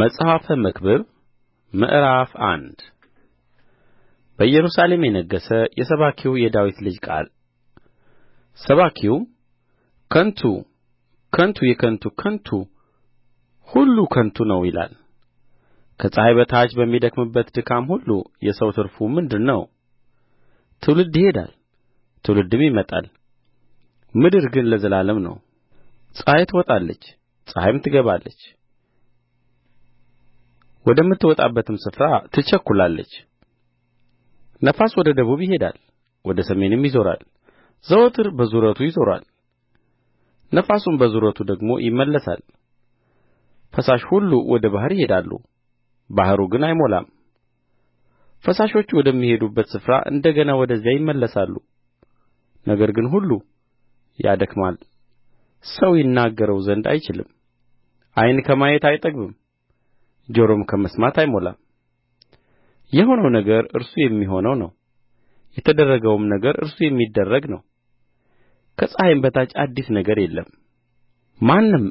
መጽሐፈ መክብብ ምዕራፍ አንድ በኢየሩሳሌም የነገሠ የሰባኪው የዳዊት ልጅ ቃል ሰባኪው ከንቱ ከንቱ የከንቱ ከንቱ ሁሉ ከንቱ ነው ይላል ከፀሐይ በታች በሚደክምበት ድካም ሁሉ የሰው ትርፉ ምንድር ነው ትውልድ ይሄዳል ትውልድም ይመጣል ምድር ግን ለዘላለም ነው ፀሐይ ትወጣለች ፀሐይም ትገባለች ወደምትወጣበትም ስፍራ ትቸኵላለች ነፋስ ወደ ደቡብ ይሄዳል ወደ ሰሜንም ይዞራል ዘወትር በዙረቱ ይዞራል ነፋሱም በዙረቱ ደግሞ ይመለሳል ፈሳሾች ሁሉ ወደ ባሕር ይሄዳሉ ባሕሩ ግን አይሞላም ፈሳሾች ወደሚሄዱበት ስፍራ እንደ ገና ወደዚያ ይመለሳሉ ነገር ግን ሁሉ ያደክማል ሰው ይናገረው ዘንድ አይችልም ዓይን ከማየት አይጠግብም ጆሮም ከመስማት አይሞላም የሆነው ነገር እርሱ የሚሆነው ነው የተደረገውም ነገር እርሱ የሚደረግ ነው ከፀሐይም በታች አዲስ ነገር የለም ማንም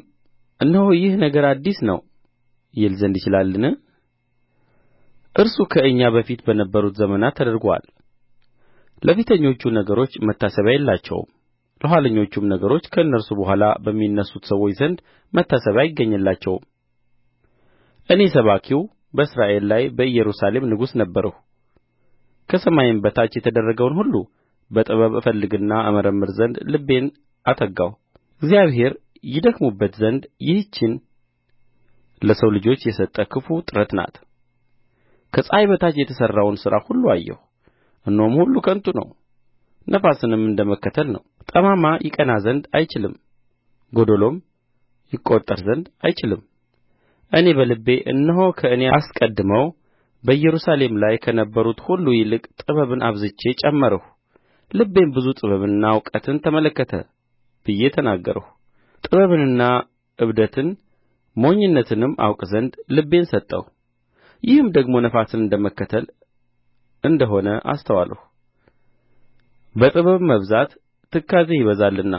እነሆ ይህ ነገር አዲስ ነው ይል ዘንድ ይችላልን እርሱ ከእኛ በፊት በነበሩት ዘመናት ተደርጎአል ለፊተኞቹ ነገሮች መታሰቢያ የላቸውም ለኋለኞቹም ነገሮች ከእነርሱ በኋላ በሚነሡት ሰዎች ዘንድ መታሰቢያ አይገኝላቸውም እኔ ሰባኪው በእስራኤል ላይ በኢየሩሳሌም ንጉሥ ነበርሁ ከሰማይም በታች የተደረገውን ሁሉ በጥበብ እፈልግና እመረምር ዘንድ ልቤን አተጋሁ እግዚአብሔር ይደክሙበት ዘንድ ይህችን ለሰው ልጆች የሰጠ ክፉ ጥረት ናት ከፀሐይ በታች የተሠራውን ሥራ ሁሉ አየሁ እነሆም ሁሉ ከንቱ ነው ነፋስንም እንደ መከተል ነው ጠማማ ይቀና ዘንድ አይችልም ጐደሎም ይቈጠር ዘንድ አይችልም እኔ በልቤ እነሆ ከእኔ አስቀድመው በኢየሩሳሌም ላይ ከነበሩት ሁሉ ይልቅ ጥበብን አብዝቼ ጨመርሁ ልቤም ብዙ ጥበብንና እውቀትን ተመለከተ ብዬ ተናገርሁ ጥበብንና ዕብደትን ሞኝነትንም አውቅ ዘንድ ልቤን ሰጠሁ ይህም ደግሞ ነፋስን እንደ መከተል እንደ ሆነ አስተዋልሁ በጥበብ መብዛት ትካዜ ይበዛልና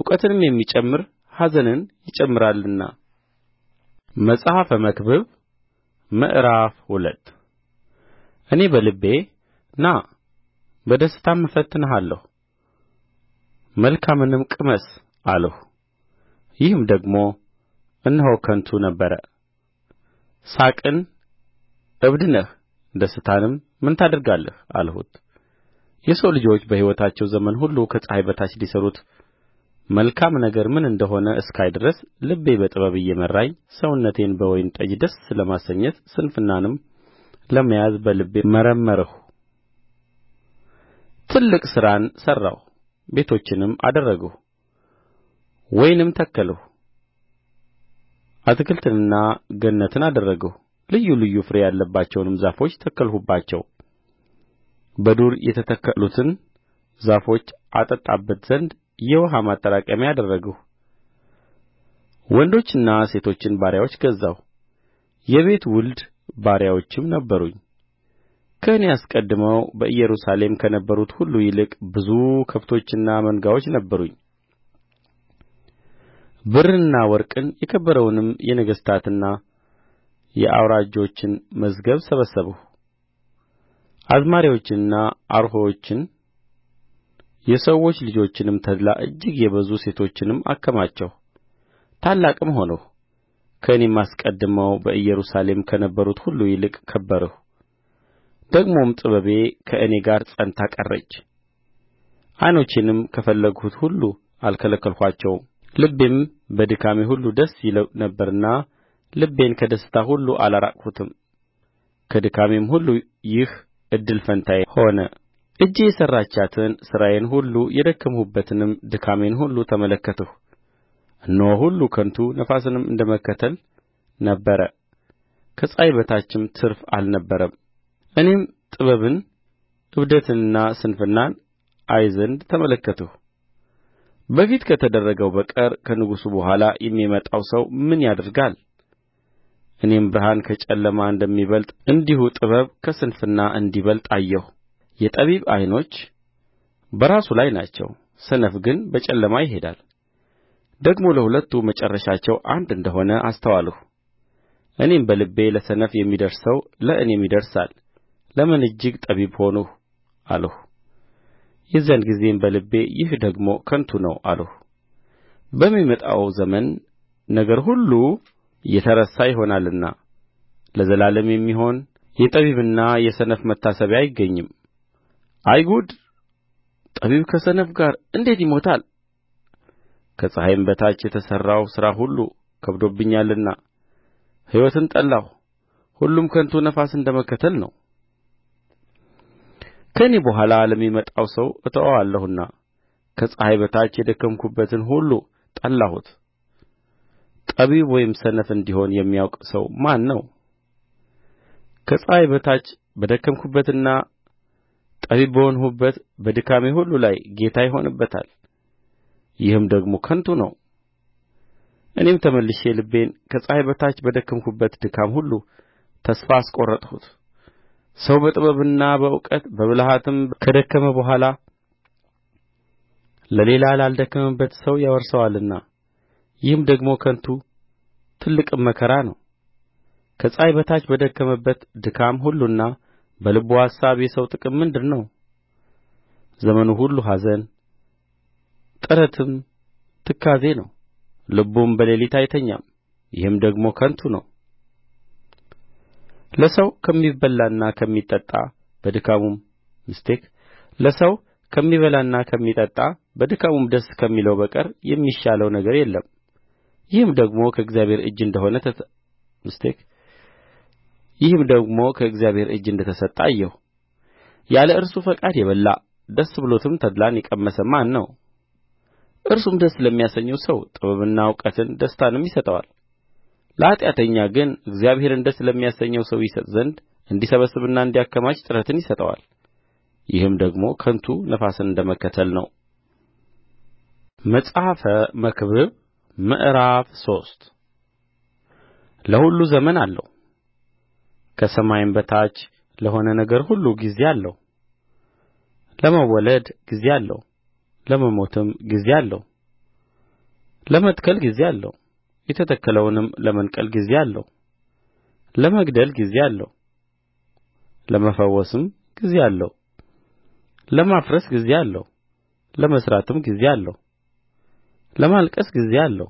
እውቀትንም የሚጨምር ኀዘንን ይጨምራልና መጽሐፈ መክብብ ምዕራፍ ሁለት እኔ በልቤ ና በደስታም እፈትንሃለሁ መልካምንም ቅመስ አልሁ ይህም ደግሞ እነሆ ከንቱ ነበረ ሳቅን ዕብድ ነህ ደስታንም ምን ታደርጋለህ አልሁት የሰው ልጆች በሕይወታቸው ዘመን ሁሉ ከፀሐይ በታች ሊሠሩት መልካም ነገር ምን እንደ ሆነ እስካይ ድረስ ልቤ በጥበብ እየመራኝ ሰውነቴን በወይን ጠጅ ደስ ለማሰኘት ስንፍናንም ለመያዝ በልቤ መረመርሁ ትልቅ ሥራን ሠራሁ ቤቶችንም አደረግሁ ወይንም ተከልሁ አትክልትንና ገነትን አደረግሁ ልዩ ልዩ ፍሬ ያለባቸውንም ዛፎች ተከልሁባቸው በዱር የተተከሉትን ዛፎች አጠጣበት ዘንድ የውኃ ማጠራቀሚያ አደረግሁ ወንዶችና ሴቶችን ባሪያዎች ገዛሁ የቤት ውልድ ባሪያዎችም ነበሩኝ ከእኔ አስቀድመው በኢየሩሳሌም ከነበሩት ሁሉ ይልቅ ብዙ ከብቶችና መንጋዎች ነበሩኝ ብርንና ወርቅን የከበረውንም የነገሥታትና የአውራጆችን መዝገብ ሰበሰብሁ አዝማሪዎችንና አርሆዎችን የሰዎች ልጆችንም ተድላ እጅግ የበዙ ሴቶችንም አከማቸሁ ታላቅም ሆንሁ ከእኔም አስቀድመው በኢየሩሳሌም ከነበሩት ሁሉ ይልቅ ከበርሁ ደግሞም ጥበቤ ከእኔ ጋር ጸንታ ቀረች ዓይኖቼንም ከፈለጉት ሁሉ አልከለከልኋቸውም ልቤም በድካሜ ሁሉ ደስ ይለው ነበርና ልቤን ከደስታ ሁሉ አላራቅሁትም ከድካሜም ሁሉ ይህ እድል ፈንታዬ ሆነ እጄ የሠራቻትን ሥራዬን ሁሉ የደከምሁበትንም ድካሜን ሁሉ ተመለከትሁ እነሆ ሁሉ ከንቱ ነፋስንም እንደ መከተል ነበረ ከፀሐይ በታችም ትርፍ አልነበረም እኔም ጥበብን ዕብደትንና ስንፍናን አይ ዘንድ ተመለከትሁ በፊት ከተደረገው በቀር ከንጉሡ በኋላ የሚመጣው ሰው ምን ያደርጋል እኔም ብርሃን ከጨለማ እንደሚበልጥ እንዲሁ ጥበብ ከስንፍና እንዲበልጥ አየሁ የጠቢብ ዓይኖች በራሱ ላይ ናቸው ሰነፍ ግን በጨለማ ይሄዳል ደግሞ ለሁለቱ መጨረሻቸው አንድ እንደ ሆነ አስተዋልሁ እኔም በልቤ ለሰነፍ የሚደርሰው ለእኔም ይደርሳል ለምን እጅግ ጠቢብ ሆንሁ አልሁ የዚያን ጊዜም በልቤ ይህ ደግሞ ከንቱ ነው አልሁ በሚመጣው ዘመን ነገር ሁሉ የተረሳ ይሆናልና ለዘላለም የሚሆን የጠቢብና የሰነፍ መታሰቢያ አይገኝም አይ ጉድ ጠቢብ ከሰነፍ ጋር እንዴት ይሞታል ከፀሐይም በታች የተሠራው ሥራ ሁሉ ከብዶብኛልና ሕይወትን ጠላሁ ሁሉም ከንቱ ነፋስ እንደ መከተል ነው ከእኔ በኋላ ለሚመጣው ሰው እተወዋለሁና ከፀሐይ በታች የደከምሁበትን ሁሉ ጠላሁት ጠቢብ ወይም ሰነፍ እንዲሆን የሚያውቅ ሰው ማን ነው ከፀሐይ በታች በደከምሁበትና ጠቢብ በሆንሁበት በድካሜ ሁሉ ላይ ጌታ ይሆንበታል ይህም ደግሞ ከንቱ ነው እኔም ተመልሼ ልቤን ከፀሐይ በታች በደከምሁበት ድካም ሁሉ ተስፋ አስቈረጥሁት ሰው በጥበብና በእውቀት በብልሃትም ከደከመ በኋላ ለሌላ ላልደከመበት ሰው ያወርሰዋልና ይህም ደግሞ ከንቱ ትልቅም መከራ ነው ከፀሐይ በታች በደከመበት ድካም ሁሉና በልቡ አሳብ የሰው ጥቅም ምንድር ነው ዘመኑ ሁሉ ኀዘን ጥረትም ትካዜ ነው ልቡም በሌሊት አይተኛም ይህም ደግሞ ከንቱ ነው ለሰው ከሚበላና ከሚጠጣ በድካሙም ለሰው ከሚበላና ከሚጠጣ በድካሙም ደስ ከሚለው በቀር የሚሻለው ነገር የለም ይህም ደግሞ ከእግዚአብሔር እጅ እንደ ሆነ ይህም ደግሞ ከእግዚአብሔር እጅ እንደ ተሰጠ አየሁ ያለ እርሱ ፈቃድ የበላ ደስ ብሎትም ተድላን የቀመሰ ማን ነው እርሱም ደስ ለሚያሰኘው ሰው ጥበብንና እውቀትን ደስታንም ይሰጠዋል ለኃጢአተኛ ግን እግዚአብሔርን ደስ ለሚያሰኘው ሰው ይሰጥ ዘንድ እንዲሰበስብና እንዲያከማች ጥረትን ይሰጠዋል ይህም ደግሞ ከንቱ ነፋስን እንደ መከተል ነው መጽሐፈ መክብብ ምዕራፍ ሶስት ለሁሉ ዘመን አለው ከሰማይም በታች ለሆነ ነገር ሁሉ ጊዜ አለው ለመወለድ ጊዜ አለው ለመሞትም ጊዜ አለው ለመትከል ጊዜ አለው የተተከለውንም ለመንቀል ጊዜ አለው ለመግደል ጊዜ አለው ለመፈወስም ጊዜ አለው ለማፍረስ ጊዜ አለው ለመሥራትም ጊዜ አለው ለማልቀስ ጊዜ አለው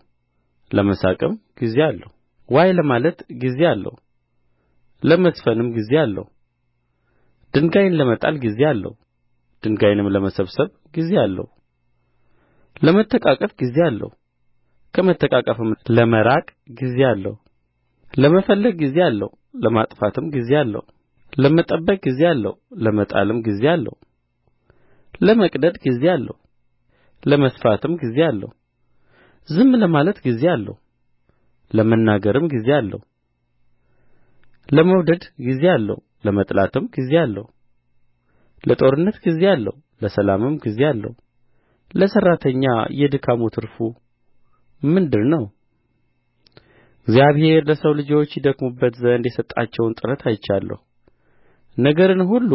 ለመሳቅም ጊዜ አለው ዋይ ለማለት ጊዜ አለው ለመዝፈንም ጊዜ አለው ድንጋይን ለመጣል ጊዜ አለው ድንጋይንም ለመሰብሰብ ጊዜ አለው ለመተቃቀፍ ጊዜ አለው ከመተቃቀፍም ለመራቅ ጊዜ አለው ለመፈለግ ጊዜ አለው ለማጥፋትም ጊዜ አለው ለመጠበቅ ጊዜ አለው ለመጣልም ጊዜ አለው ለመቅደድ ጊዜ አለው ለመስፋትም ጊዜ አለው ዝም ለማለት ጊዜ አለው ለመናገርም ጊዜ አለው ለመውደድ ጊዜ አለው ለመጥላትም ጊዜ አለው ለጦርነት ጊዜ አለው ለሰላምም ጊዜ አለው ለሠራተኛ የድካሙ ትርፉ ምንድር ነው እግዚአብሔር ለሰው ልጆች ይደክሙበት ዘንድ የሰጣቸውን ጥረት አይቻለሁ ነገርን ሁሉ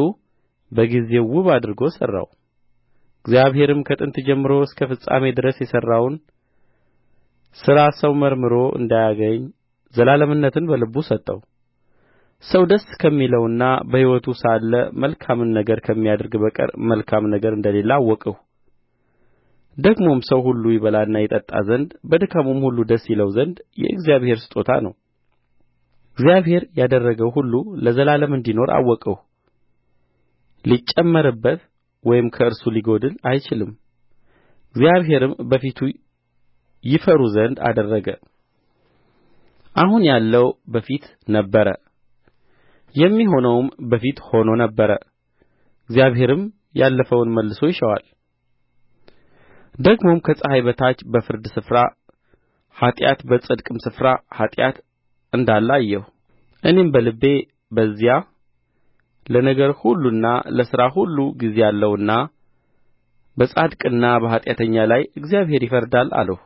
በጊዜው ውብ አድርጎ ሠራው እግዚአብሔርም ከጥንት ጀምሮ እስከ ፍጻሜ ድረስ የሠራውን ሥራ ሰው መርምሮ እንዳያገኝ ዘላለምነትን በልቡ ሰጠው ሰው ደስ ከሚለውና በሕይወቱ ሳለ መልካምን ነገር ከሚያደርግ በቀር መልካም ነገር እንደሌለ አወቅሁ ደግሞም ሰው ሁሉ ይበላና ይጠጣ ዘንድ በድካሙም ሁሉ ደስ ይለው ዘንድ የእግዚአብሔር ስጦታ ነው እግዚአብሔር ያደረገው ሁሉ ለዘላለም እንዲኖር አወቅሁ ሊጨመርበት ወይም ከእርሱ ሊጐድል አይችልም እግዚአብሔርም በፊቱ ይፈሩ ዘንድ አደረገ አሁን ያለው በፊት ነበረ የሚሆነውም በፊት ሆኖ ነበር እግዚአብሔርም ያለፈውን መልሶ ይሻዋል ደግሞም ከፀሐይ በታች በፍርድ ስፍራ ኃጢአት በጽድቅም ስፍራ ኃጢአት እንዳለ አየሁ እኔም በልቤ በዚያ ለነገር ሁሉና ለሥራ ሁሉ ጊዜ አለውና በጻድቅና በኃጢአተኛ ላይ እግዚአብሔር ይፈርዳል አልሁ።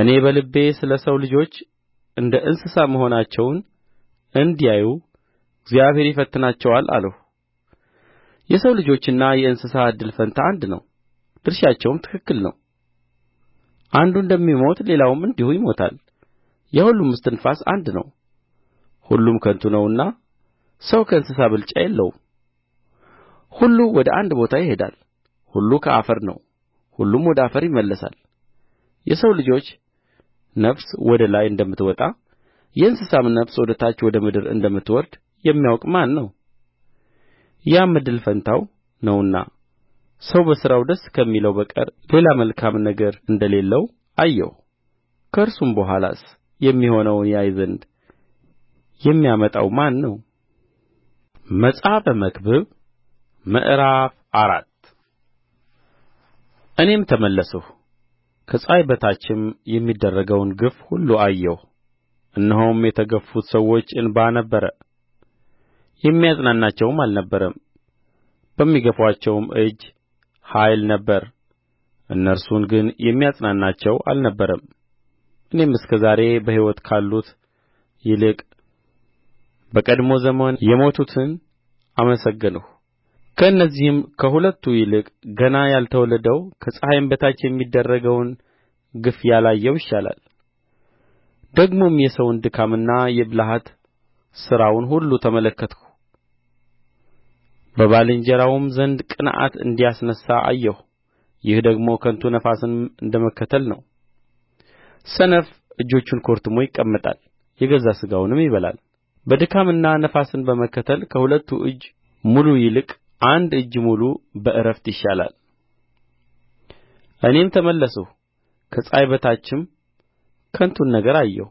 እኔ በልቤ ስለ ሰው ልጆች እንደ እንስሳ መሆናቸውን እንዲያዩ እግዚአብሔር ይፈትናቸዋል አልሁ የሰው ልጆችና የእንስሳ እድል ፈንታ አንድ ነው ድርሻቸውም ትክክል ነው አንዱ እንደሚሞት ሌላውም እንዲሁ ይሞታል የሁሉም እስትንፋስ አንድ ነው ሁሉም ከንቱ ነውና ሰው ከእንስሳ ብልጫ የለውም ሁሉ ወደ አንድ ቦታ ይሄዳል ሁሉ ከአፈር ነው ሁሉም ወደ አፈር ይመለሳል የሰው ልጆች ነፍስ ወደ ላይ እንደምትወጣ የእንስሳም ነፍስ ወደ ታች ወደ ምድር እንደምትወርድ የሚያውቅ ማን ነው ያም እድል ፈንታው ነውና ሰው በሥራው ደስ ከሚለው በቀር ሌላ መልካም ነገር እንደሌለው አየሁ ከእርሱም በኋላስ የሚሆነውን ያይ ዘንድ የሚያመጣው ማን ነው መጽሐፈ መክብብ ምዕራፍ አራት እኔም ተመለስሁ ከፀሐይ በታችም የሚደረገውን ግፍ ሁሉ አየሁ እነሆም የተገፉት ሰዎች እንባ ነበረ የሚያጽናናቸውም አልነበረም በሚገፉአቸውም እጅ ኃይል ነበረ እነርሱን ግን የሚያጽናናቸው አልነበረም እኔም እስከ ዛሬ በሕይወት ካሉት ይልቅ በቀድሞ ዘመን የሞቱትን አመሰገንሁ ከእነዚህም ከሁለቱ ይልቅ ገና ያልተወለደው ከፀሐይም በታች የሚደረገውን ግፍ ያላየው ይሻላል ደግሞም የሰውን ድካምና የብልሃት ሥራውን ሁሉ ተመለከትሁ በባልንጀራውም ዘንድ ቅንዓት እንዲያስነሣ አየሁ ይህ ደግሞ ከንቱ ነፋስን እንደ መከተል ነው ሰነፍ እጆቹን ኮርትሞ ይቀመጣል የገዛ ሥጋውንም ይበላል በድካምና ነፋስን በመከተል ከሁለቱ እጅ ሙሉ ይልቅ አንድ እጅ ሙሉ በዕረፍት ይሻላል እኔም ተመለስሁ ከፀሐይ በታችም ከንቱን ነገር አየሁ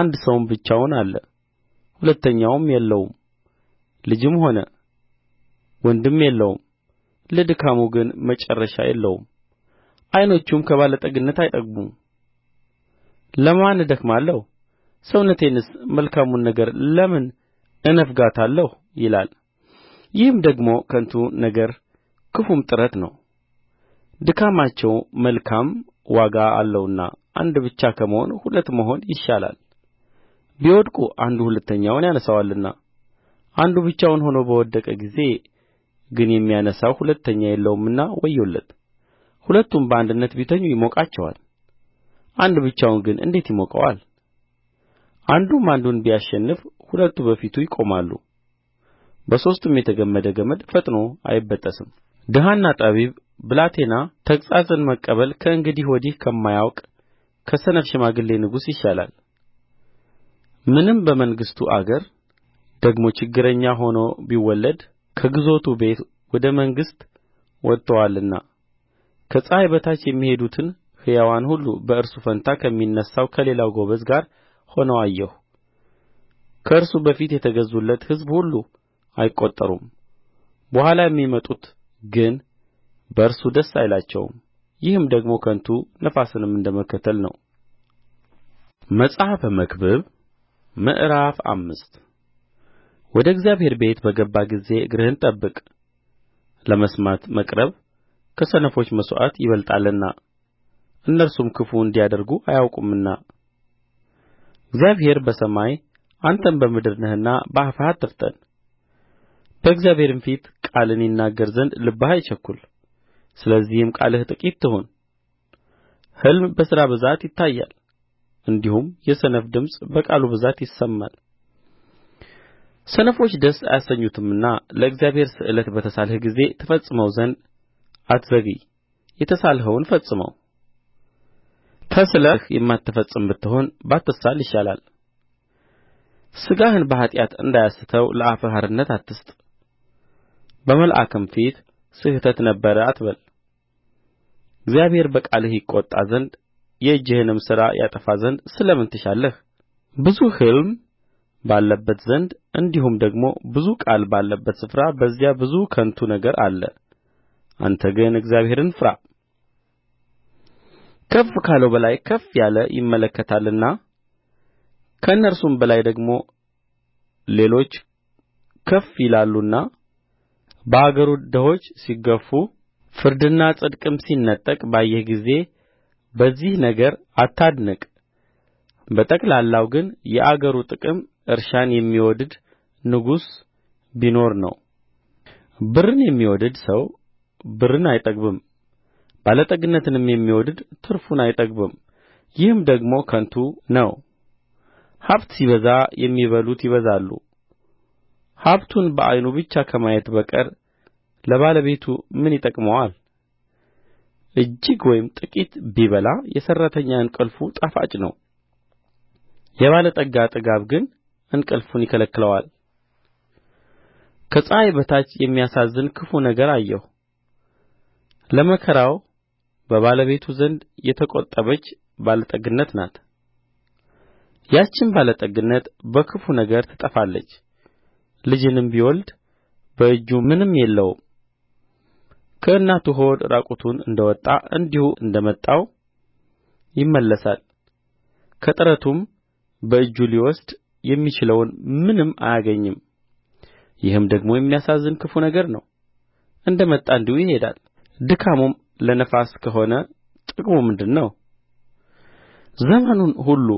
አንድ ሰውም ብቻውን አለ ሁለተኛውም የለውም ልጅም ሆነ ወንድም የለውም ለድካሙ ግን መጨረሻ የለውም ዓይኖቹም ከባለጠግነት አይጠግቡም ለማን እደክማለሁ ሰውነቴንስ መልካሙን ነገር ለምን እነፍጋታለሁ ይላል ይህም ደግሞ ከንቱ ነገር ክፉም ጥረት ነው ድካማቸው መልካም ዋጋ አለውና አንድ ብቻ ከመሆን ሁለት መሆን ይሻላል ቢወድቁ አንዱ ሁለተኛውን ያነሣዋልና አንዱ ብቻውን ሆኖ በወደቀ ጊዜ ግን የሚያነሣው ሁለተኛ የለውምና ወዮለት ሁለቱም በአንድነት ቢተኙ ይሞቃቸዋል አንድ ብቻውን ግን እንዴት ይሞቀዋል አንዱም አንዱን ቢያሸንፍ ሁለቱ በፊቱ ይቆማሉ በሦስቱም የተገመደ ገመድ ፈጥኖ አይበጠስም ድሀና ጠቢብ ብላቴና ተግሣጽን መቀበል ከእንግዲህ ወዲህ ከማያውቅ ከሰነፍ ሽማግሌ ንጉሥ ይሻላል ምንም በመንግሥቱ አገር ደግሞ ችግረኛ ሆኖ ቢወለድ ከግዞቱ ቤት ወደ መንግሥት ወጥተዋልና ከፀሐይ በታች የሚሄዱትን ሕያዋን ሁሉ በእርሱ ፋንታ ከሚነሣው ከሌላው ጎበዝ ጋር ሆነው አየሁ ከእርሱ በፊት የተገዙለት ሕዝብ ሁሉ አይቈጠሩም በኋላ የሚመጡት ግን በእርሱ ደስ አይላቸውም ይህም ደግሞ ከንቱ ነፋስንም እንደ መከተል ነው መጽሐፈ መክብብ ምዕራፍ አምስት ወደ እግዚአብሔር ቤት በገባህ ጊዜ እግርህን ጠብቅ ለመስማት መቅረብ ከሰነፎች መሥዋዕት ይበልጣልና እነርሱም ክፉ እንዲያደርጉ አያውቁምና እግዚአብሔር በሰማይ አንተም በምድር ነህና በአፍህ አትፍጠን በእግዚአብሔርም ፊት ቃልን ይናገር ዘንድ ልብህ አይቸኵል ስለዚህም ቃልህ ጥቂት ትሁን ሕልም በሥራ ብዛት ይታያል እንዲሁም የሰነፍ ድምፅ በቃሉ ብዛት ይሰማል ሰነፎች ደስ አያሰኙትምና ለእግዚአብሔር ስእለት በተሳልህ ጊዜ ትፈጽመው ዘንድ አትዘግይ የተሳልኸውን ፈጽመው ተስለህ የማትፈጽም ብትሆን ባትሳል ይሻላል ሥጋህን በኃጢአት እንዳያስተው ለአፍህ አርነት አትስጥ በመልአክም ፊት ስሕተት ነበረ አትበል እግዚአብሔር በቃልህ ይቈጣ ዘንድ የእጅህንም ሥራ ያጠፋ ዘንድ ስለ ምን ትሻለህ ብዙ ሕልም ባለበት ዘንድ እንዲሁም ደግሞ ብዙ ቃል ባለበት ስፍራ በዚያ ብዙ ከንቱ ነገር አለ አንተ ግን እግዚአብሔርን ፍራ ከፍ ካለው በላይ ከፍ ያለ ይመለከታልና ከእነርሱም በላይ ደግሞ ሌሎች ከፍ ይላሉና በአገሩ ድሆች ሲገፉ ፍርድና ጽድቅም ሲነጠቅ ባየህ ጊዜ በዚህ ነገር አታድንቅ በጠቅላላው ግን የአገሩ ጥቅም እርሻን የሚወድድ ንጉሥ ቢኖር ነው ብርን የሚወድድ ሰው ብርን አይጠግብም ባለጠግነትንም የሚወድድ ትርፉን አይጠግብም ይህም ደግሞ ከንቱ ነው ሀብት ሲበዛ የሚበሉት ይበዛሉ ሀብቱን በዓይኑ ብቻ ከማየት በቀር ለባለቤቱ ምን ይጠቅመዋል እጅግ ወይም ጥቂት ቢበላ የሠራተኛ እንቅልፉ ጣፋጭ ነው የባለጠጋ ጥጋብ ግን እንቅልፉን ይከለክለዋል ከፀሐይ በታች የሚያሳዝን ክፉ ነገር አየሁ ለመከራው በባለቤቱ ዘንድ የተቈጠበች ባለጠግነት ናት ያችም ባለጠግነት በክፉ ነገር ትጠፋለች ልጅንም ቢወልድ በእጁ ምንም የለውም ከእናቱ ሆድ ራቁቱን እንደ ወጣ እንዲሁ እንደ መጣው ይመለሳል ከጥረቱም በእጁ ሊወስድ የሚችለውን ምንም አያገኝም ይህም ደግሞ የሚያሳዝን ክፉ ነገር ነው እንደ መጣ እንዲሁ ይሄዳል ድካሙም ለነፋስ ከሆነ ጥቅሙ ምንድር ነው ዘመኑን ሁሉ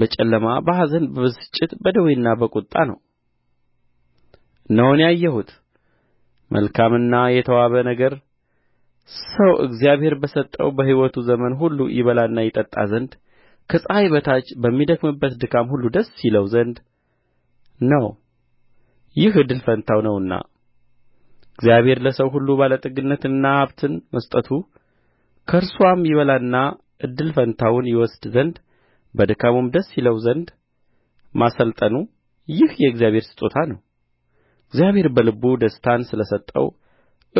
በጨለማ በኀዘን በብስጭት በደዌና በቍጣ ነው እነሆ እኔ መልካምና የተዋበ ነገር ሰው እግዚአብሔር በሰጠው በሕይወቱ ዘመን ሁሉ ይበላና ይጠጣ ዘንድ ከፀሐይ በታች በሚደክምበት ድካም ሁሉ ደስ ይለው ዘንድ ነው ይህ እድል ፈንታው ነውና እግዚአብሔር ለሰው ሁሉ ባለጠግነትንና ሀብትን መስጠቱ ከእርስዋም ይበላና እድል ፈንታውን ይወስድ ዘንድ በድካሙም ደስ ይለው ዘንድ ማሠልጠኑ ይህ የእግዚአብሔር ስጦታ ነው እግዚአብሔር በልቡ ደስታን ስለ ሰጠው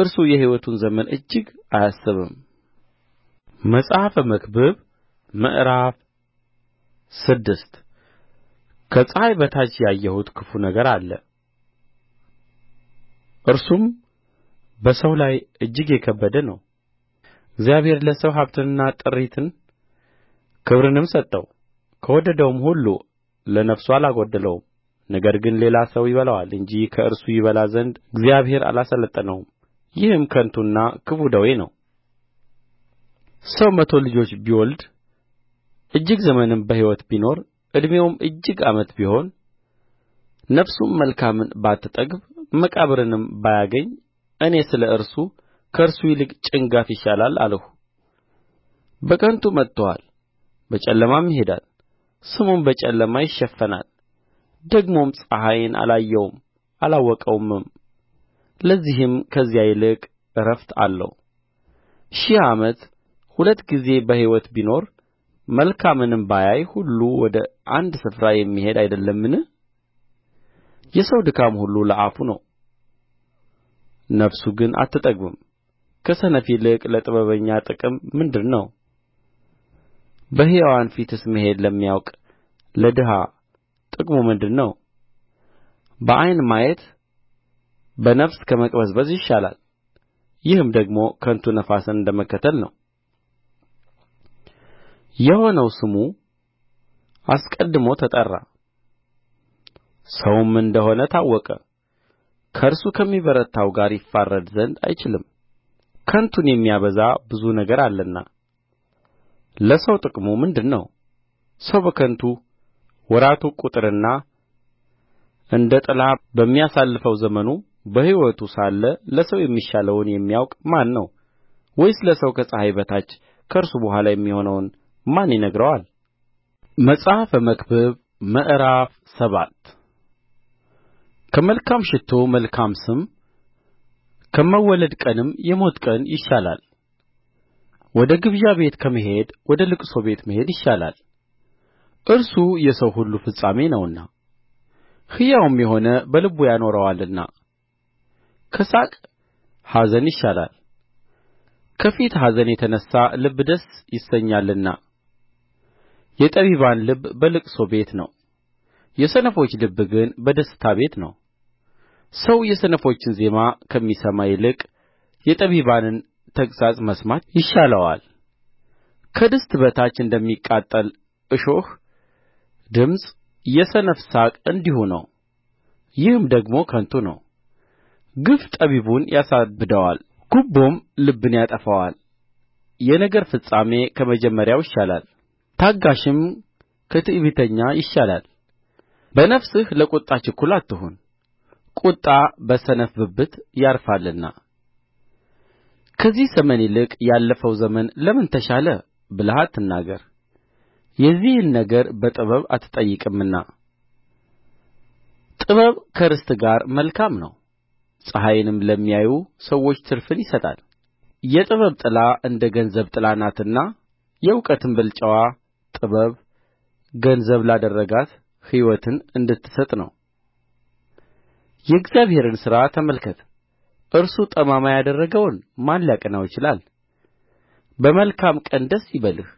እርሱ የሕይወቱን ዘመን እጅግ አያስብም መጽሐፈ መክብብ ምዕራፍ ስድስት ከፀሐይ በታች ያየሁት ክፉ ነገር አለ እርሱም በሰው ላይ እጅግ የከበደ ነው እግዚአብሔር ለሰው ሀብትንና ጥሪትን ክብርንም ሰጠው ከወደደውም ሁሉ ለነፍሱ አላጐደለውም ነገር ግን ሌላ ሰው ይበላዋል እንጂ ከእርሱ ይበላ ዘንድ እግዚአብሔር አላሠለጠነውም ይህም ከንቱና ክፉ ደዌ ነው ሰው መቶ ልጆች ቢወልድ እጅግ ዘመንም በሕይወት ቢኖር ዕድሜውም እጅግ ዓመት ቢሆን ነፍሱም መልካምን ባትጠግብ መቃብርንም ባያገኝ እኔ ስለ እርሱ ከእርሱ ይልቅ ጭንጋፍ ይሻላል አልሁ በከንቱ መጥቶአል በጨለማም ይሄዳል ስሙም በጨለማ ይሸፈናል ደግሞም ፀሐይን አላየውም አላወቀውምም ለዚህም ከዚያ ይልቅ ዕረፍት አለው ሺህ ዓመት ሁለት ጊዜ በሕይወት ቢኖር መልካምንም ባያይ ሁሉ ወደ አንድ ስፍራ የሚሄድ አይደለምን የሰው ድካም ሁሉ ለአፉ ነው ነፍሱ ግን አትጠግብም ከሰነፍ ይልቅ ለጥበበኛ ጥቅም ምንድር ነው በሕያዋን ፊትስ መሄድ ለሚያውቅ ለድሀ ጥቅሙ ምንድር ነው በዓይን ማየት በነፍስ ከመቅበዝበዝ ይሻላል ይህም ደግሞ ከንቱ ነፋስን እንደ መከተል ነው የሆነው ስሙ አስቀድሞ ተጠራ ሰውም እንደ ሆነ ታወቀ ከእርሱ ከሚበረታው ጋር ይፋረድ ዘንድ አይችልም ከንቱን የሚያበዛ ብዙ ነገር አለና ለሰው ጥቅሙ ምንድር ነው ሰው በከንቱ ወራቱ ቍጥርና እንደ ጥላ በሚያሳልፈው ዘመኑ በሕይወቱ ሳለ ለሰው የሚሻለውን የሚያውቅ ማን ነው ወይስ ለሰው ከፀሐይ በታች ከእርሱ በኋላ የሚሆነውን ማን ይነግረዋል? መጽሐፈ መክብብ ምዕራፍ ሰባት ከመልካም ሽቱ መልካም ስም ከመወለድ ቀንም የሞት ቀን ይሻላል። ወደ ግብዣ ቤት ከመሄድ ወደ ልቅሶ ቤት መሄድ ይሻላል። እርሱ የሰው ሁሉ ፍጻሜ ነውና ሕያውም የሆነ በልቡ ያኖረዋልና ከሳቅ ኀዘን ይሻላል ከፊት ኀዘን የተነሣ ልብ ደስ ይሰኛልና የጠቢባን ልብ በልቅሶ ቤት ነው የሰነፎች ልብ ግን በደስታ ቤት ነው ሰው የሰነፎችን ዜማ ከሚሰማ ይልቅ የጠቢባንን ተግሣጽ መስማት ይሻለዋል ከድስት በታች እንደሚቃጠል እሾህ ድምፅ የሰነፍ ሳቅ እንዲሁ ነው ይህም ደግሞ ከንቱ ነው ግፍ ጠቢቡን ያሳብደዋል ጉቦም ልብን ያጠፋዋል የነገር ፍጻሜ ከመጀመሪያው ይሻላል ታጋሽም ከትዕቢተኛ ይሻላል በነፍስህ ለቍጣ ችኩል አትሁን ቍጣ በሰነፍ ብብት ያርፋልና ከዚህ ዘመን ይልቅ ያለፈው ዘመን ለምን ተሻለ ብለህ አትናገር የዚህን ነገር በጥበብ አትጠይቅምና ጥበብ ከርስት ጋር መልካም ነው ፀሐይንም ለሚያዩ ሰዎች ትርፍን ይሰጣል የጥበብ ጥላ እንደ ገንዘብ ጥላ ናትና የእውቀትም ብልጫዋ ጥበብ ገንዘብ ላደረጋት ሕይወትን እንድትሰጥ ነው የእግዚአብሔርን ሥራ ተመልከት እርሱ ጠማማ ያደረገውን ማን ሊያቀናው ይችላል በመልካም ቀን ደስ ይበልህ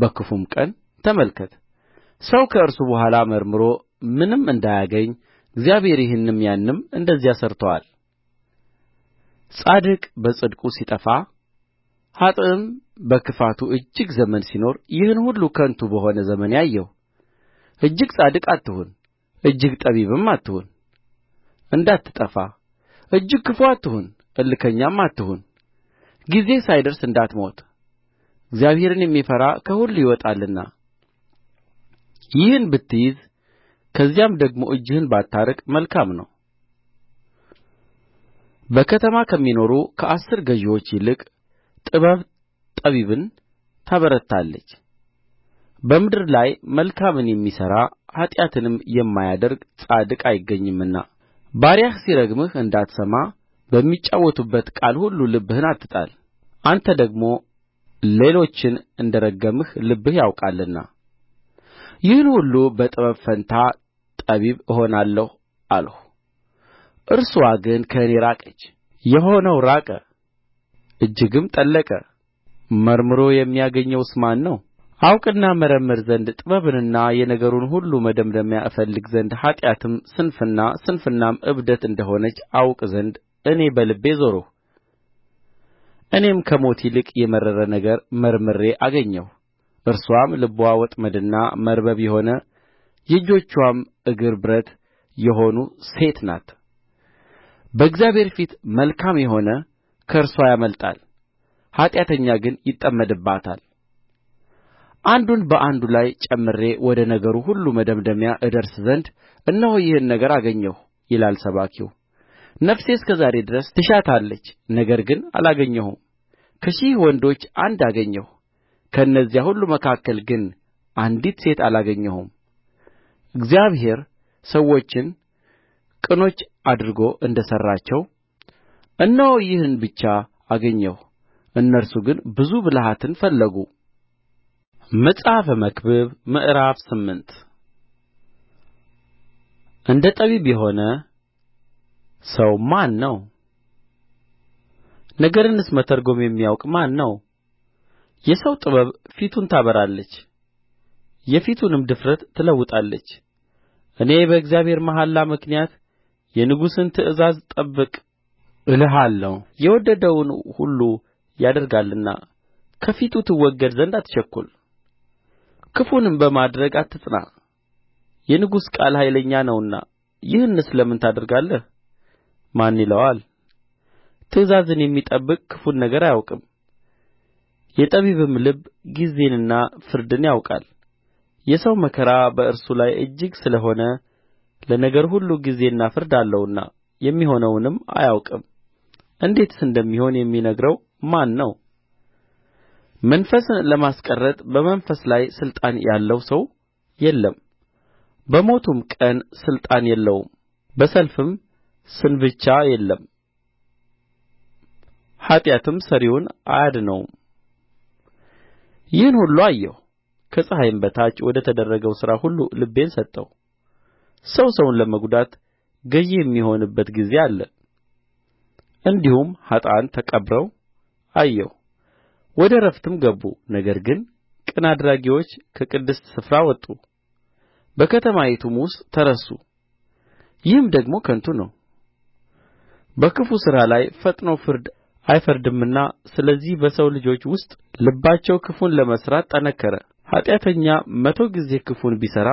በክፉም ቀን ተመልከት ሰው ከእርሱ በኋላ መርምሮ ምንም እንዳያገኝ እግዚአብሔር ይህንም ያንም እንደዚያ ሠርቶአል ጻድቅ በጽድቁ ሲጠፋ ኀጥእም በክፋቱ እጅግ ዘመን ሲኖር ይህን ሁሉ ከንቱ በሆነ ዘመኔ አየሁ እጅግ ጻድቅ አትሁን እጅግ ጠቢብም አትሁን እንዳትጠፋ እጅግ ክፉ አትሁን እልከኛም አትሁን ጊዜህ ሳይደርስ እንዳትሞት እግዚአብሔርን የሚፈራ ከሁሉ ይወጣልና ይህን ብትይዝ ከዚያም ደግሞ እጅህን ባታርቅ መልካም ነው በከተማ ከሚኖሩ ከአሥር ገዢዎች ይልቅ ጥበብ ጠቢብን ታበረታለች በምድር ላይ መልካምን የሚሠራ ኃጢአትንም የማያደርግ ጻድቅ አይገኝምና ባሪያህ ሲረግምህ እንዳትሰማ በሚጫወቱበት ቃል ሁሉ ልብህን አትጣል አንተ ደግሞ ሌሎችን እንደ ረገምህ ልብህ ያውቃልና ይህን ሁሉ በጥበብ ፈንታ ጠቢብ እሆናለሁ አልሁ እርስዋ ግን ከእኔ ራቀች የሆነው ራቀ እጅግም ጠለቀ መርምሮ የሚያገኘውስ ማን ነው አውቅና እመረምር ዘንድ ጥበብንና የነገሩን ሁሉ መደምደሚያ እፈልግ ዘንድ ኃጢአትም ስንፍና ስንፍናም እብደት እንደ ሆነች አውቅ ዘንድ እኔ በልቤ ዞርሁ እኔም ከሞት ይልቅ የመረረ ነገር መርምሬ አገኘሁ እርስዋም ልብዋ ወጥመድና መርበብ የሆነ የእጆችዋም እግር ብረት የሆኑ ሴት ናት በእግዚአብሔር ፊት መልካም የሆነ ከእርስዋ ያመልጣል ኃጢአተኛ ግን ይጠመድባታል አንዱን በአንዱ ላይ ጨምሬ ወደ ነገሩ ሁሉ መደምደሚያ እደርስ ዘንድ እነሆ ይህን ነገር አገኘሁ ይላል ሰባኪው ነፍሴ እስከ ዛሬ ድረስ ትሻታለች ነገር ግን አላገኘሁም ከሺህ ወንዶች አንድ አገኘሁ ከእነዚያ ሁሉ መካከል ግን አንዲት ሴት አላገኘሁም። እግዚአብሔር ሰዎችን ቅኖች አድርጎ እንደ ሠራቸው እነሆ ይህን ብቻ አገኘሁ፤ እነርሱ ግን ብዙ ብልሃትን ፈለጉ። መጽሐፈ መክብብ ምዕራፍ ስምንት እንደ ጠቢብ የሆነ ሰው ማን ነው? ነገርንስ መተርጐም የሚያውቅ ማን ነው? የሰው ጥበብ ፊቱን ታበራለች የፊቱንም ድፍረት ትለውጣለች እኔ በእግዚአብሔር መሐላ ምክንያት የንጉሥን ትእዛዝ ጠብቅ እልሃለሁ የወደደውን ሁሉ ያደርጋልና ከፊቱ ትወገድ ዘንድ አትቸኵል ክፉንም በማድረግ አትጽና የንጉሥ ቃል ኃይለኛ ነውና ይህንስ ለምን ታደርጋለህ ማን ይለዋል ትእዛዝን የሚጠብቅ ክፉን ነገር አያውቅም የጠቢብም ልብ ጊዜንና ፍርድን ያውቃል የሰው መከራ በእርሱ ላይ እጅግ ስለ ሆነ ለነገር ሁሉ ጊዜና ፍርድ አለውና የሚሆነውንም አያውቅም እንዴትስ እንደሚሆን የሚነግረው ማን ነው መንፈስን ለማስቀረት በመንፈስ ላይ ሥልጣን ያለው ሰው የለም በሞቱም ቀን ሥልጣን የለውም በሰልፍም ስንብቻ የለም ኃጢአትም ሠሪውን አያድነውም ይህን ሁሉ አየሁ ከፀሐይም በታች ወደ ተደረገው ሥራ ሁሉ ልቤን ሰጠሁ ሰው ሰውን ለመጕዳት ገዢ የሚሆንበት ጊዜ አለ እንዲሁም ኀጥኣን ተቀብረው አየሁ ወደ ዕረፍትም ገቡ ነገር ግን ቅን አድራጊዎች ከቅድስት ስፍራ ወጡ በከተማይቱም ውስጥ ተረሱ ይህም ደግሞ ከንቱ ነው በክፉ ሥራ ላይ ፈጥኖ ፍርድ አይፈርድምና ስለዚህ በሰው ልጆች ውስጥ ልባቸው ክፉን ለመሥራት ጠነከረ ኃጢአተኛ መቶ ጊዜ ክፉን ቢሠራ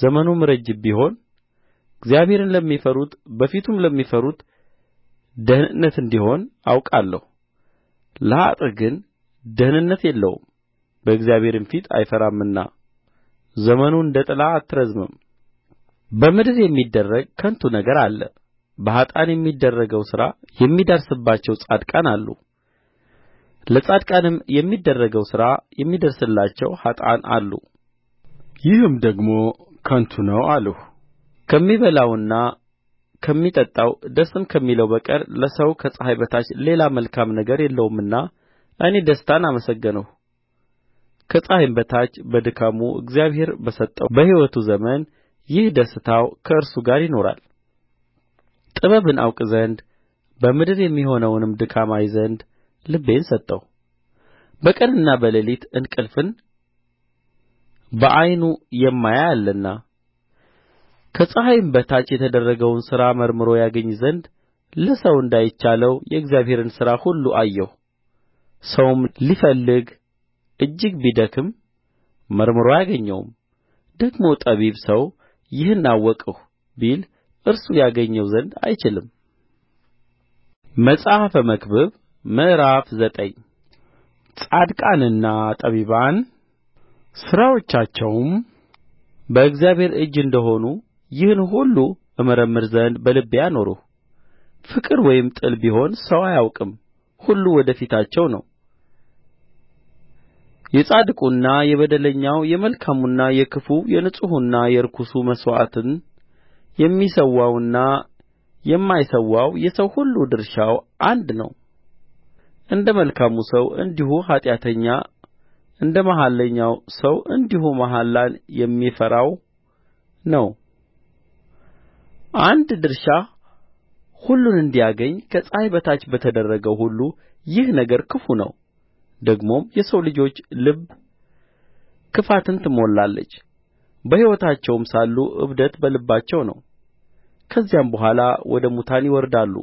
ዘመኑም ረጅም ቢሆን እግዚአብሔርን ለሚፈሩት በፊቱም ለሚፈሩት ደኅንነት እንዲሆን አውቃለሁ ለኀጥእ ግን ደኅንነት የለውም በእግዚአብሔርም ፊት አይፈራምና ዘመኑ እንደ ጥላ አትረዝምም በምድር የሚደረግ ከንቱ ነገር አለ በኀጥኣን የሚደረገው ሥራ የሚደርስባቸው ጻድቃን አሉ ለጻድቃንም የሚደረገው ሥራ የሚደርስላቸው ኀጥኣን አሉ ይህም ደግሞ ከንቱ ነው አልሁ ከሚበላውና ከሚጠጣው ደስም ከሚለው በቀር ለሰው ከፀሐይ በታች ሌላ መልካም ነገር የለውምና እኔ ደስታን አመሰገንሁ ከፀሐይም በታች በድካሙ እግዚአብሔር በሰጠው በሕይወቱ ዘመን ይህ ደስታው ከእርሱ ጋር ይኖራል ጥበብን አውቅ ዘንድ በምድር የሚሆነውንም ድካም አይ ዘንድ ልቤን ሰጠሁ በቀንና በሌሊት እንቅልፍን በዓይኑ የማያይ አለና ከፀሐይም በታች የተደረገውን ሥራ መርምሮ ያገኝ ዘንድ ለሰው እንዳይቻለው የእግዚአብሔርን ሥራ ሁሉ አየሁ ሰውም ሊፈልግ እጅግ ቢደክም መርምሮ አያገኘውም ደግሞ ጠቢብ ሰው ይህን አወቅሁ ቢል እርሱ ያገኘው ዘንድ አይችልም መጽሐፈ መክብብ ምዕራፍ ዘጠኝ ጻድቃንና ጠቢባን ሥራዎቻቸውም በእግዚአብሔር እጅ እንደ ሆኑ ይህን ሁሉ እመረምር ዘንድ በልቤ አኖርሁ። ፍቅር ወይም ጥል ቢሆን ሰው አያውቅም፣ ሁሉ ወደ ፊታቸው ነው። የጻድቁና የበደለኛው የመልካሙና የክፉው የንጹሑና የርኩሱ መሥዋዕትን የሚሠዋውና የማይሠዋው የሰው ሁሉ ድርሻው አንድ ነው እንደ መልካሙ ሰው እንዲሁ ኃጢአተኛ እንደ መሐለኛው ሰው እንዲሁ መሐላን የሚፈራው ነው አንድ ድርሻ ሁሉን እንዲያገኝ ከፀሐይ በታች በተደረገው ሁሉ ይህ ነገር ክፉ ነው ደግሞም የሰው ልጆች ልብ ክፋትን ትሞላለች በሕይወታቸውም ሳሉ እብደት በልባቸው ነው ከዚያም በኋላ ወደ ሙታን ይወርዳሉ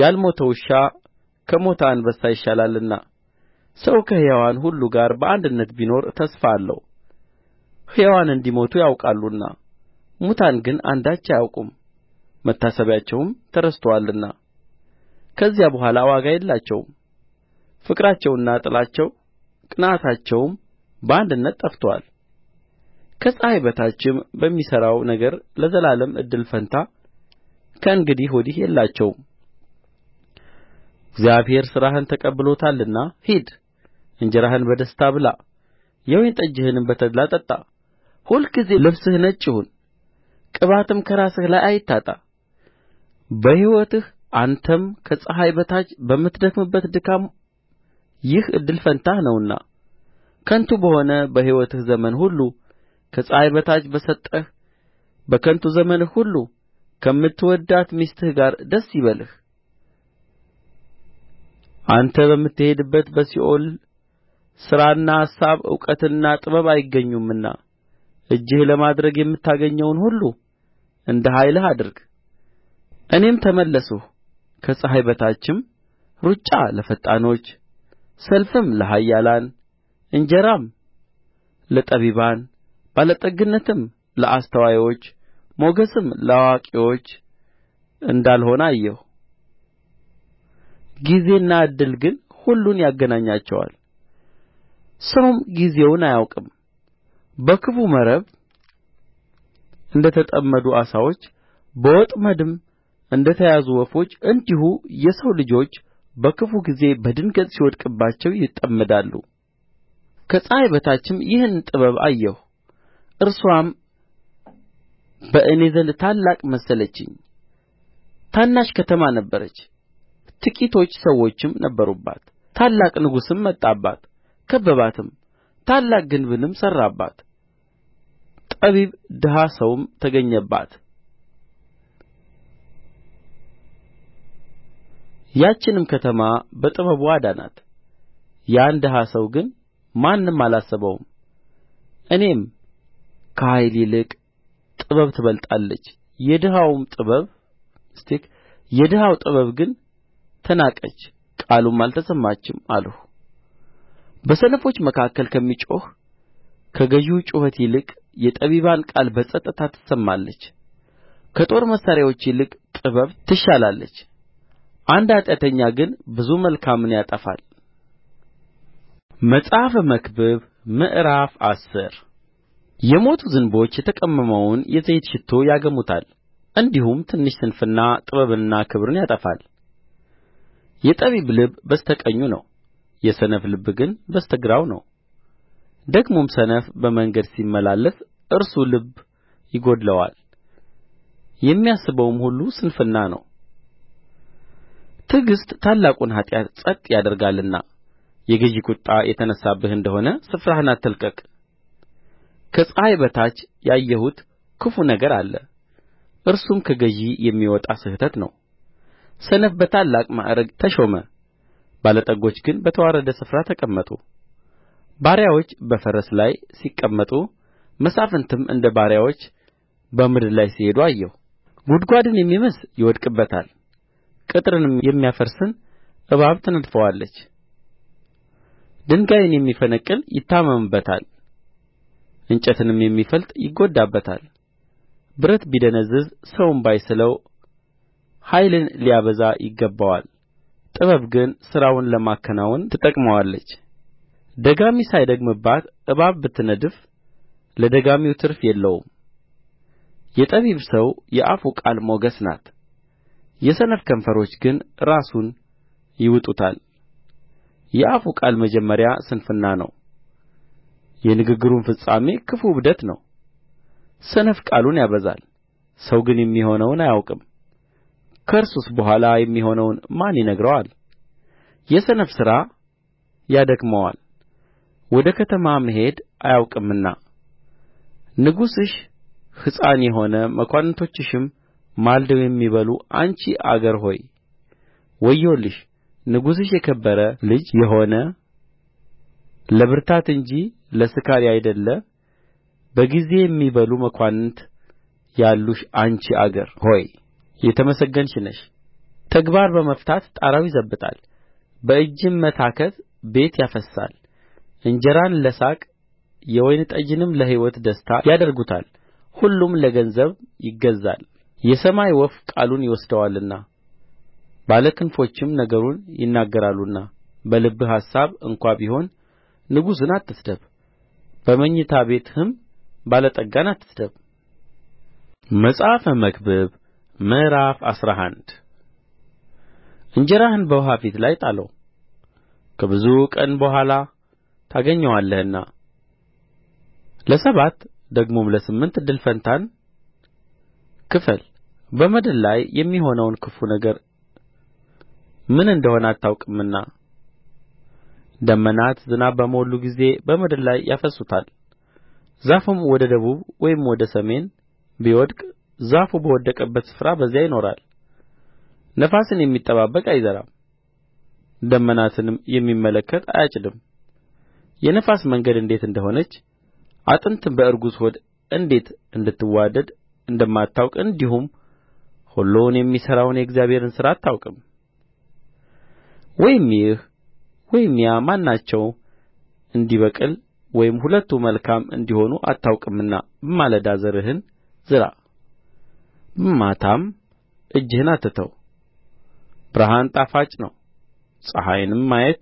ያልሞተ ውሻ ከሞተ አንበሳ ይሻላልና ሰው ከሕያዋን ሁሉ ጋር በአንድነት ቢኖር ተስፋ አለው ሕያዋን እንዲሞቱ ያውቃሉና ሙታን ግን አንዳች አያውቁም መታሰቢያቸውም ተረስቶአልና ከዚያ በኋላ ዋጋ የላቸውም ፍቅራቸውና ጥላቸው ቅንዓታቸውም በአንድነት ጠፍቶአል ከፀሐይ በታችም በሚሠራው ነገር ለዘላለም እድል ፈንታ ከእንግዲህ ወዲህ የላቸውም እግዚአብሔር ሥራህን ተቀብሎታልና ሂድ እንጀራህን በደስታ ብላ የወይን ጠጅህንም በተድላ ጠጣ ሁልጊዜ ልብስህ ነጭ ይሁን ቅባትም ከራስህ ላይ አይታጣ በሕይወትህ አንተም ከፀሐይ በታች በምትደክምበት ድካም ይህ እድል ፈንታህ ነውና ከንቱ በሆነ በሕይወትህ ዘመን ሁሉ ከፀሐይ በታች በሰጠህ በከንቱ ዘመንህ ሁሉ ከምትወድዳት ሚስትህ ጋር ደስ ይበልህ አንተ በምትሄድበት በሲኦል ሥራና አሳብ እውቀትና ጥበብ አይገኙምና እጅህ ለማድረግ የምታገኘውን ሁሉ እንደ ኃይልህ አድርግ እኔም ተመለስሁ ከፀሐይ በታችም ሩጫ ለፈጣኖች ሰልፍም ለኃያላን እንጀራም ለጠቢባን ባለጠግነትም ለአስተዋዮች ሞገስም ለአዋቂዎች እንዳልሆነ አየሁ ጊዜና እድል ግን ሁሉን ያገናኛቸዋል ሰውም ጊዜውን አያውቅም በክፉ መረብ እንደ ተጠመዱ ዓሣዎች በወጥመድም እንደ ተያዙ ወፎች እንዲሁ የሰው ልጆች በክፉ ጊዜ በድንገት ሲወድቅባቸው ይጠመዳሉ ከፀሐይ በታችም ይህን ጥበብ አየሁ እርስዋም በእኔ ዘንድ ታላቅ መሰለችኝ ታናሽ ከተማ ነበረች ጥቂቶች ሰዎችም ነበሩባት ታላቅ ንጉሥም መጣባት ከበባትም ታላቅ ግንብንም ሠራባት ጠቢብ ድሀ ሰውም ተገኘባት ያችንም ከተማ በጥበቡ አዳናት ያን ድሀ ሰው ግን ማንም አላሰበውም እኔም ከኃይል ይልቅ ጥበብ ትበልጣለች የድሀው ጥበብ ግን ተናቀች ቃሉም አልተሰማችም አልሁ በሰነፎች መካከል ከሚጮኽ ከገዢው ጩኸት ይልቅ የጠቢባን ቃል በጸጥታ ትሰማለች ከጦር መሣሪያዎች ይልቅ ጥበብ ትሻላለች አንድ ኃጢአተኛ ግን ብዙ መልካምን ያጠፋል መጽሐፈ መክብብ ምዕራፍ አስር የሞቱ ዝንቦች የተቀመመውን የዘይት ሽቱ ያገሙታል እንዲሁም ትንሽ ስንፍና ጥበብንና ክብርን ያጠፋል የጠቢብ ልብ በስተ ቀኙ ነው የሰነፍ ልብ ግን በስተ ግራው ነው ደግሞም ሰነፍ በመንገድ ሲመላለስ እርሱ ልብ ይጐድለዋል የሚያስበውም ሁሉ ስንፍና ነው ትዕግሥት ታላቁን ኃጢአት ጸጥ ያደርጋልና የገዢ ቍጣ የተነሣብህ እንደሆነ ስፍራህን አትልቀቅ ከፀሐይ በታች ያየሁት ክፉ ነገር አለ እርሱም ከገዢ የሚወጣ ስሕተት ነው ሰነፍ በታላቅ ማዕርግ ተሾመ ባለጠጎች ግን በተዋረደ ስፍራ ተቀመጡ ባሪያዎች በፈረስ ላይ ሲቀመጡ መሳፍንትም እንደ ባሪያዎች በምድር ላይ ሲሄዱ አየሁ ጕድጓድን የሚምስ ይወድቅበታል ቅጥርንም የሚያፈርስን እባብ ትነድፈዋለች ድንጋይን የሚፈነቅል ይታመምበታል እንጨትንም የሚፈልጥ ይጐዳበታል ብረት ቢደነዝዝ ሰውም ባይስለው ኃይልን ሊያበዛ ይገባዋል ጥበብ ግን ሥራውን ለማከናወን ትጠቅመዋለች ደጋሚ ሳይደግምባት እባብ ብትነድፍ ለደጋሚው ትርፍ የለውም የጠቢብ ሰው የአፉ ቃል ሞገስ ናት የሰነፍ ከንፈሮች ግን ራሱን ይውጡታል የአፉ ቃል መጀመሪያ ስንፍና ነው የንግግሩም ፍጻሜ ክፉ እብደት ነው ሰነፍ ቃሉን ያበዛል ሰው ግን የሚሆነውን አያውቅም ከእርሱስ በኋላ የሚሆነውን ማን ይነግረዋል የሰነፍ ሥራ ያደክመዋል ወደ ከተማ መሄድ አያውቅምና ንጉሥሽ ሕፃን የሆነ መኳንንቶችሽም ማልደው የሚበሉ አንቺ አገር ሆይ ወዮልሽ ንጉሥሽ የከበረ ልጅ የሆነ ለብርታት እንጂ ለስካር ያይደለ በጊዜ የሚበሉ መኳንንት ያሉሽ አንቺ አገር ሆይ የተመሰገንሽ ነሽ ተግባር በመፍታት ጣራው ይዘብጣል በእጅም መታከት ቤት ያፈስሳል እንጀራን ለሳቅ የወይን ጠጅንም ለሕይወት ደስታ ያደርጉታል ሁሉም ለገንዘብ ይገዛል የሰማይ ወፍ ቃሉን ይወስደዋልና ባለ ክንፎችም ነገሩን ይናገራሉና በልብህ አሳብ እንኳ ቢሆን ንጉሥን አትስደብ በመኝታ ቤትህም ባለጠጋን አትስደብ መጽሐፈ መክብብ ምዕራፍ አስራ አንድ እንጀራህን በውኃ ፊት ላይ ጣለው ከብዙ ቀን በኋላ ታገኘዋለህና ለሰባት ደግሞም ለስምንት እድል ፈንታን ክፈል በምድር ላይ የሚሆነውን ክፉ ነገር ምን እንደ ሆነ አታውቅምና ደመናት ዝናብ በሞሉ ጊዜ በምድር ላይ ያፈስሱታል ዛፍም ወደ ደቡብ ወይም ወደ ሰሜን ቢወድቅ ዛፉ በወደቀበት ስፍራ በዚያ ይኖራል ነፋስን የሚጠባበቅ አይዘራም ደመናትንም የሚመለከት አያጭድም የነፋስ መንገድ እንዴት እንደ ሆነች አጥንትም በእርጉዝ ሆድ እንዴት እንድትዋደድ እንደማታውቅ እንዲሁም ሁሉን የሚሠራውን የእግዚአብሔርን ሥራ አታውቅም ወይም ይህ ወይም ያ ማናቸው እንዲበቅል ወይም ሁለቱ መልካም እንዲሆኑ አታውቅምና በማለዳ ዘርህን ዝራ በማታም እጅህን አትተው ብርሃን ጣፋጭ ነው ፀሐይንም ማየት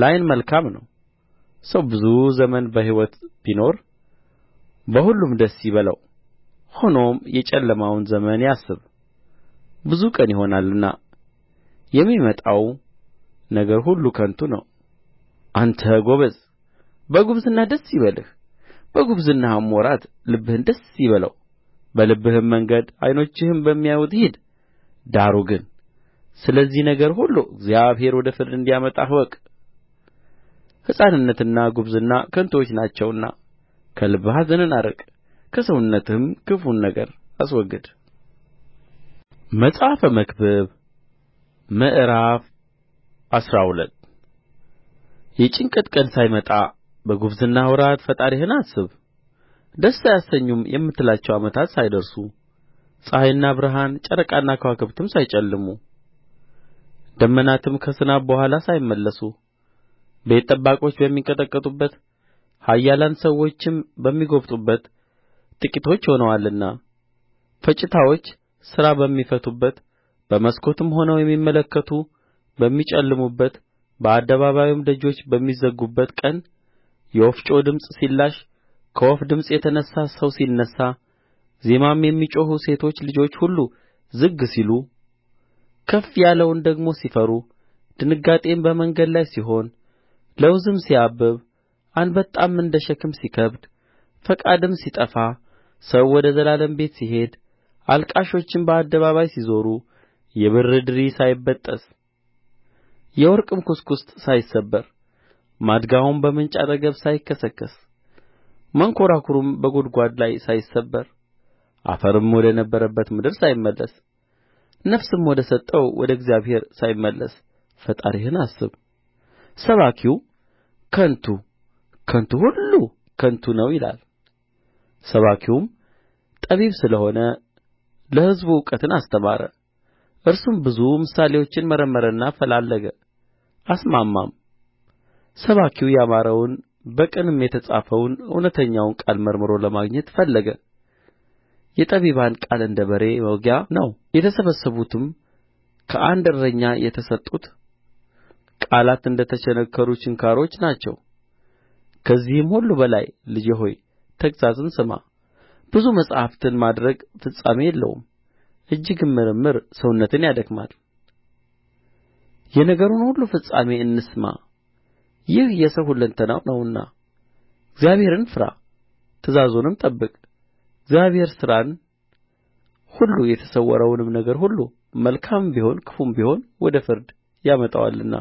ለዓይን መልካም ነው ሰው ብዙ ዘመን በሕይወት ቢኖር በሁሉም ደስ ይበለው ሆኖም የጨለማውን ዘመን ያስብ ብዙ ቀን ይሆናልና የሚመጣው ነገር ሁሉ ከንቱ ነው አንተ ጐበዝ በጕብዝናህ ደስ ይበልህ በጕብዝናህም ወራት ልብህን ደስ ይበለው በልብህም መንገድ ዓይኖችህም በሚያዩት ሂድ ዳሩ ግን ስለዚህ ነገር ሁሉ እግዚአብሔር ወደ ፍርድ እንዲያመጣህ እወቅ ሕፃንነትና ጕብዝና ከንቱዎች ናቸውና ከልብህ ኀዘንን አርቅ ከሰውነትህም ክፉን ነገር አስወግድ መጽሐፈ መክብብ ምዕራፍ አስራ ሁለት የጭንቀት ቀን ሳይመጣ በጕብዝናህ ወራት ፈጣሪህን አስብ ደስ አያሰኙም የምትላቸው ዓመታት ሳይደርሱ ፀሐይና ብርሃን ጨረቃና ከዋክብትም ሳይጨልሙ ደመናትም ከዝናብ በኋላ ሳይመለሱ ቤት ጠባቆች በሚንቀጠቀጡበት ኃያላን ሰዎችም በሚጐብጡበት ጥቂቶች ሆነዋልና ፈጭታዎች ሥራ በሚፈቱበት በመስኮትም ሆነው የሚመለከቱ በሚጨልሙበት በአደባባይም ደጆች በሚዘጉበት ቀን የወፍጮ ድምፅ ሲላሽ ከወፍ ድምፅ የተነሣ ሰው ሲነሣ ዜማም የሚጮኹ ሴቶች ልጆች ሁሉ ዝግ ሲሉ ከፍ ያለውን ደግሞ ሲፈሩ ድንጋጤም በመንገድ ላይ ሲሆን ለውዝም ሲያብብ አንበጣም እንደ ሸክም ሲከብድ ፈቃድም ሲጠፋ ሰው ወደ ዘላለም ቤት ሲሄድ አልቃሾችም በአደባባይ ሲዞሩ የብር ድሪ ሳይበጠስ የወርቅም ኵስኵስት ሳይሰበር ማድጋውም በምንጭ አጠገብ ሳይከሰከስ መንኰራኵሩም በጕድጓድ ላይ ሳይሰበር አፈርም ወደ ነበረበት ምድር ሳይመለስ ነፍስም ወደ ሰጠው ወደ እግዚአብሔር ሳይመለስ ፈጣሪህን አስብ ሰባኪው ከንቱ ከንቱ ሁሉ ከንቱ ነው ይላል ሰባኪውም ጠቢብ ስለ ሆነ ለሕዝቡ እውቀትን አስተማረ እርሱም ብዙ ምሳሌዎችን መረመረና ፈላለገ አስማማም ሰባኪው ያማረውን በቅንም የተጻፈውን እውነተኛውን ቃል መርምሮ ለማግኘት ፈለገ የጠቢባን ቃል እንደ በሬ መውጊያ ነው የተሰበሰቡትም ከአንድ እረኛ የተሰጡት ቃላት እንደ ተቸነከሩ ችንካሮች ናቸው ከዚህም ሁሉ በላይ ልጄ ሆይ ተግሣጽን ስማ ብዙ መጻሕፍትን ማድረግ ፍጻሜ የለውም እጅግም ምርምር ሰውነትን ያደክማል የነገሩን ሁሉ ፍጻሜ እንስማ ይህ የሰው ሁለንተናው ነውና እግዚአብሔርን ፍራ ትእዛዙንም ጠብቅ እግዚአብሔር ሥራን ሁሉ የተሰወረውንም ነገር ሁሉ መልካምም ቢሆን ክፉም ቢሆን ወደ ፍርድ ያመጣዋልና